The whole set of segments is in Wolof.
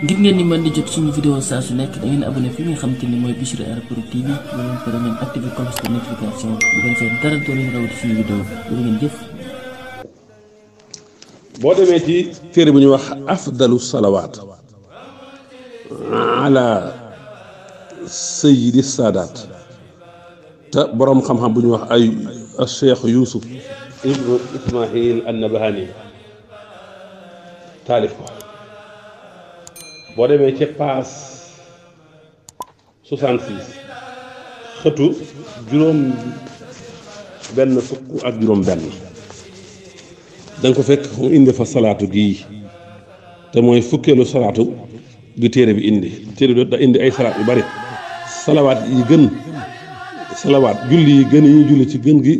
ngir ngeen di mën di jot suñu vidéo saa su nekk da ngeen abonné fi nga xam te ni mooy Bichri Airport TV nga leen pare ngeen activé bu jëf. boo demee ci téere bu ñuy wax afdalu salawaat ala sayyidi saadaat boroom xam-xam bu ñuy wax ay cheikh Yuusuf ibnu Ismaahil an-Nabahani taalif boo demee ca paas 66 xëtu juróom benn fukk ak juróom benn danga ko fekk mu indi fa salaatu gii te mooy fukkeelu salaatu gi téere bi indi téere bi da indi ay salaat yu bari salawaat yi gën salawaat julli yi gën yi julli ci gën gi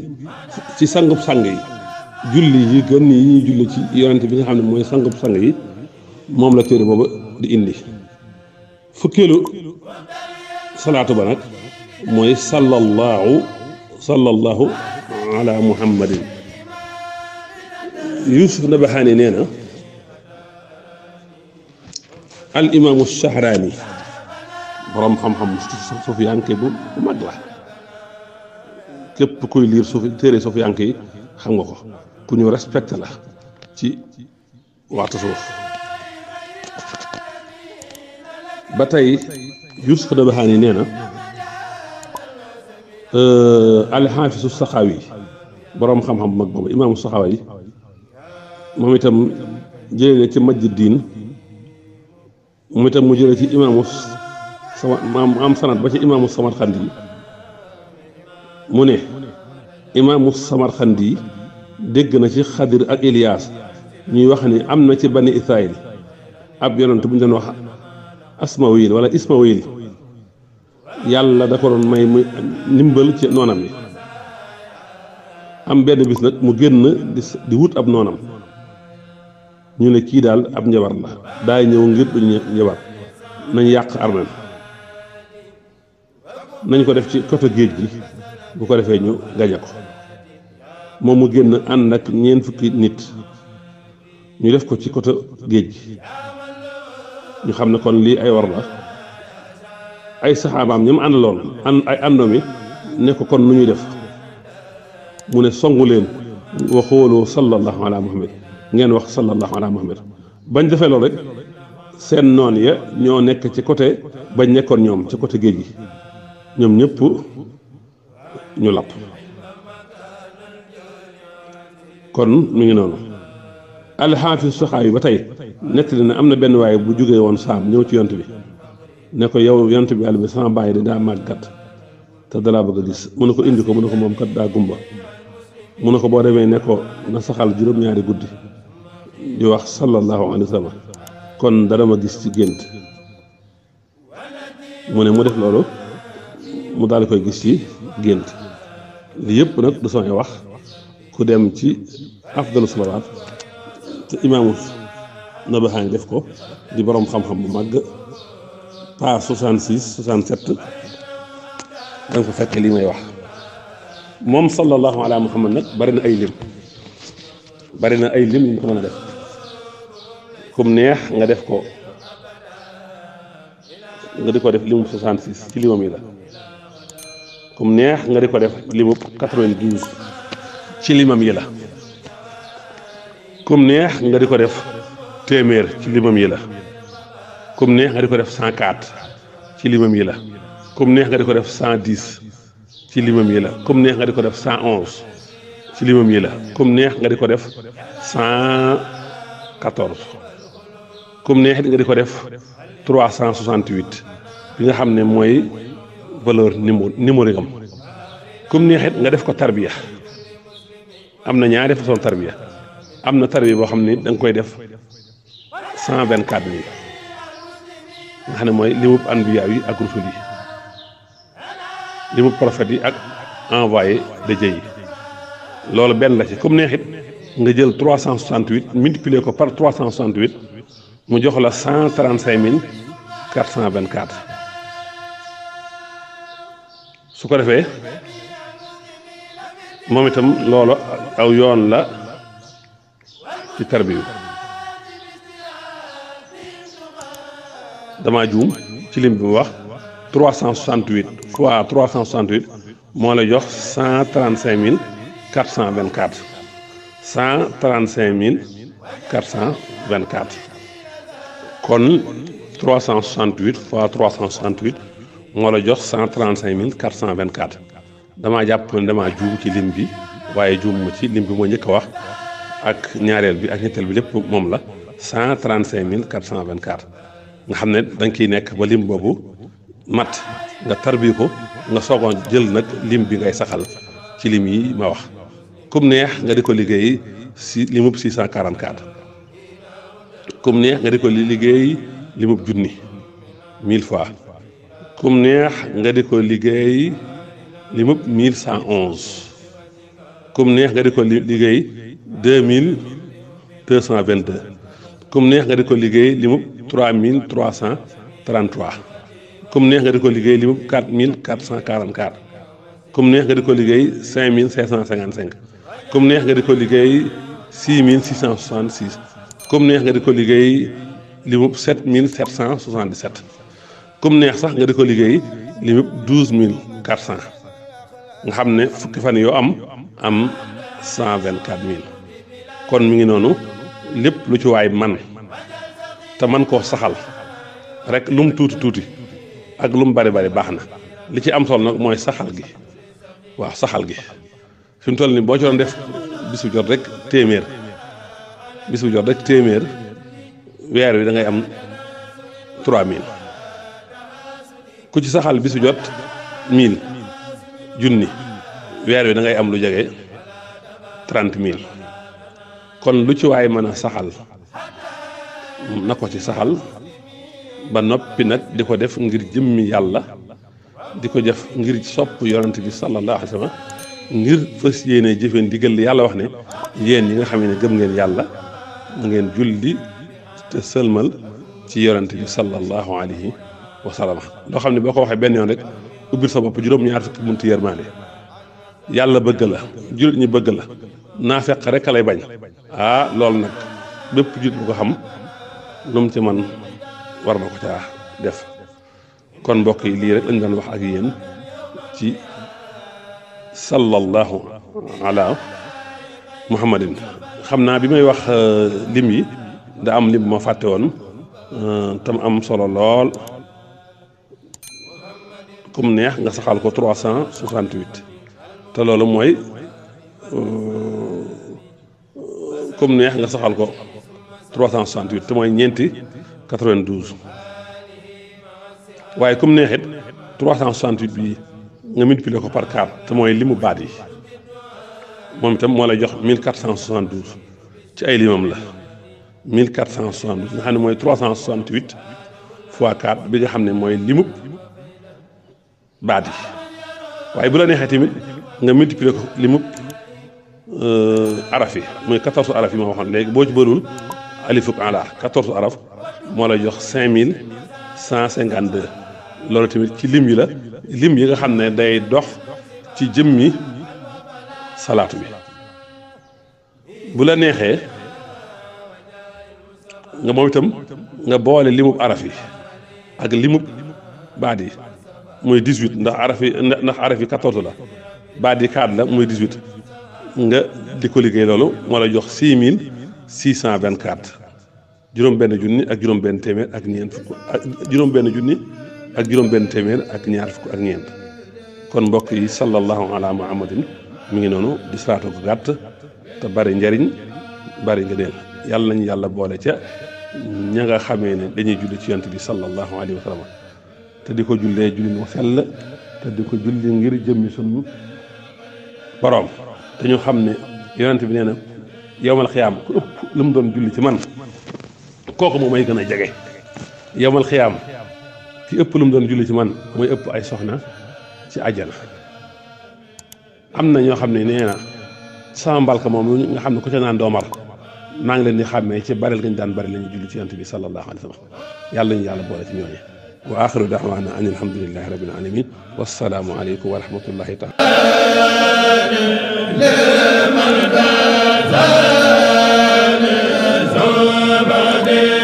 ci sangub sang yi julli yi gën yi ñuy julli ci yonent bi nga xam ne mooy sangub sang yi moom la téere booba di indi fukkeelu salaatu ba nag mooy sallallahu sallallahu ala muhammadin yusuf nabaxaani nee na al imaamu shahraani borom xam-xam sufiyanke bu mag la képp kuy liir suuf téere sufiyanke yi ko ku ñu respecté la ci waxtu suuf ba tey Yuusuf Dabaxaani nee na euh, alxaafisu saxaawi boroom xam-xam bu mag boobu imaamu saxaawi moom itam jëlee ci majj diin moom itam mu jëlee ci imaamu sama maam am sanat ba ci imaamu Samarxandi yi mu ne imaamu Samarxandi yi dégg na ci xadir ak Iliyaas ñuy wax ni am na ci bani Israayil ab yonent bu ñu doon wax asmawil wala ismawil yàlla da ko doon may muy ndimbal ci noonam yi am benn bis nag mu génn di wut ab noonam ñu ne kii daal ab njabar la daay ñëw ngir duñu njabar nañ yàq armem nañ ko def ci côté géej gi bu ko defee ñu gañe ko moom mu génn ànd ak ñeent fukki nit ñu def ko ci côté géej gi ñu xam ne kon lii ay war la ay saxaabaam ñoom àndaloon ay àndoom yi ne kon nu ñuy def mu ne songu leen waxooloo sallallahu ala muhammad ngeen wax sallallahu ala muhammad bañ defee loolu rek seen noon ya ñoo nekk ci côté bañ nekkoon ñoom ci côté géej gi ñoom ñëpp ñu lapp kon mi ngi noonu alxaafis saxaa yi ba tey nettali na am na benn waaye bu jógee woon saam ñëw ci yont bi ne ko yow yont bi yàlla bi sama bàyyi di daa màggat te dalaa bëgg a gis mu ne ko indi ko mu ne ko moom kat daa gumba mu ne ko boo demee ne ko na saxal juróom-ñaari guddi di wax sallallahu alayhi wa kon dara ma gis ci gént mu ne mu def loolu mu daal di koy gis ci gént li yëpp nag du samay wax ku dem ci afdalu salawaat te imaamu Nabahaani def ko di boroom xam-xam bu màgg page 66 da nga ko fekk lii may wax moom sallallahu ala muhammad nag bari na ay lim bari na ay lim yu ñu ko mën a def kum neex nga def ko nga di ko def limu 66 ci limam yi la kum neex nga di ko def limu 92 ci limam yi la. comme neex nga di ko def téeméer ci limam yi la kum neex nga di ko def cent quatre ci limam yi la kum neex nga di ko def cent dix ci limam yi la kum neex nga di ko def cent onze ci limam yi la kum neex nga di ko def cent quatorze kum neex nga di ko def trois cent soixante huit bi nga xam ne mooy valeur numéro numérique am comme neexit nga def ko tarbiya am na ñaari façon tarbiya am na tarbiya boo xam ne da nga koy def cent vingt quatre mille nga xam ne mooy limub anbiya yi ak rusul yi limub prophète yi ak envoyé de jë yi loolu benn la ci comme neexit nga jël trois cent soixante huit ko par trois cent soixante huit mu jox la cent trente cinq mille quatre cent vingt quatre su ko defee moom itam loolu aw yoon la. ci tarbiyu dama juum ci lim bi mu wax 368 fois 368 moo la jox 135 424 135 424 kon 368 fois 368 moo la jox 135 424 damaa jàpp ne damaa juum ci lim bi waaye juum ma ci lim bi moo njëkk a wax ak ñaareel bi ak ñetteel bi lépp moom la cent trente cinq mille quatre cent vingt quatre nga xam ne da nga nekk ba lim boobu matt nga tarbi ko nga soogoon jël nag lim bi ngay saxal ci lim yi ma wax kum neex nga di ko liggéey si limub six cent quarante quatre kum nga di ko liggéey limub junni fois kum neex nga di ko liggéey limub cent onze kum neex nga di ko liggéey deux mille deux cent vingt deux kum neex nga di ko liggéey li mu trois mille trois cent trente trois kum neex nga di ko liggéey li mu quatre mille quatre cent quarante quatre kum neex nga di ko liggéey cinq mille cinq cent cinquante cinq kum neex nga di ko liggéey six mille six cent soixante six kum neex nga di ko liggéey li mu sept mille sept cent soixante dix sept kum neex sax nga di ko liggéey li mu douze mille quatre cent nga xam ne fukki fan yoo am am cent vingt quatre mille. kon mu ngi noonu lépp lu ci waay man te man koo saxal rek lu tuuti tuuti ak lu mu bari bari baax na li ci am solo nag mooy saxal gi waaw saxal gi fi toll nii boo ci doon def bisu jot rek téeméer bisu jot rek téeméer weer wi da ngay am 3000 ku ci saxal bis jot mil junni weer wi dangay am lu jege 30 000. kon lu ci waay mën a saxal na ko ci saxal ba noppi nag di ko def ngir jëmmi yàlla di ko def ngir sopp yorant bi sallallahu alayhi wa ngir fës yéene jëfe ndigal li yàlla wax ne yéen yi nga xam ne gëm ngeen yàlla na ngeen julli te sëlmal ci yonent bi sallallahu alayhi wa sallam loo xam ne boo ko waxee benn yoon rek ubbil sa bopp juróom-ñaar fukki buntu yërmaande yàlla bëgg la jullit ñi bëgg la naa feq rek a lay bañ ah loolu nag bépp jut bu ko xam lu mu ci man war na ko caa def kon mbokk yi lii rek dañ doon wax ak yéen ci sallallahu ala muhammadin xam naa bi may wax euh, lim yi da am lim ma fàtte woon euh, tam am solo lool kum neex nga saxal ko 368 te loolu mooy euh, comme neex nga saxal ko 368 te mooy ñeenti 92 waaye comme neex it 368 bii nga multiplier ko par 4 te mooy limu baat yi moom itam moo lay jox 1472 ci ay limam la 1472 nga xam ne mooy 368 fois 4 bi nga xam ne mooy limu baat yi waaye bu la neexee tamit nga multiplier ko limu. Euh, araf yi muy quatorze araf yi ma waxoon léegi boo ci bërul alifuk ala quatorze araf moo lay jox cinq mille cent cinquante deux loolu tamit ci lim yi la lim yi nga xam ne day dox ci jëmmi salaatu bi bu la neexee nga moom itam nga boole limub araf yi ak limub baat yi muy dix huit ndax araf yi ndax araf yi quatorze la baat yi quatre la muy dix huit nga di ko liggéey loolu moo la jox six mille six cent vingt quatre juróom benn junni ak juróom benn téeméer ak ñeent ak juróom ñaar fukk ak ñeent kon mbokk yi sallallahu ala muhammadin mi ngi noonu di salaatu ko gàtt te bari njariñ bari nga neel yàlla nañu yàlla boole ca ña nga xamee ni dañuy julli ci yent bi sallallahu alayhi wa te di ko jullee julli mu sell te di ko julli ngir jëmmi sunu boroom dañu xam ne yonent bi nee na yowmal xiyaam ku ëpp lu mu doon julli ci man kooku moom may gën a jege yowmal xiyaam ci ëpp lu mu doon julli ci man mooy ëpp ay soxna ci àjjana am na ñoo xam ne nee na sama mbalka moom nga xam ne ku ca naan doomar naa leen di xàmmee ci baril gañ daan bari la ñu julli ci yonent bi sallallahu alayhi wa sallam yàlla ñu yàlla boole ci ñooñu wa axiru daawaana an alhamdulilahi rabbil alamin wassalaamu aleykum wa rahmatullahi taala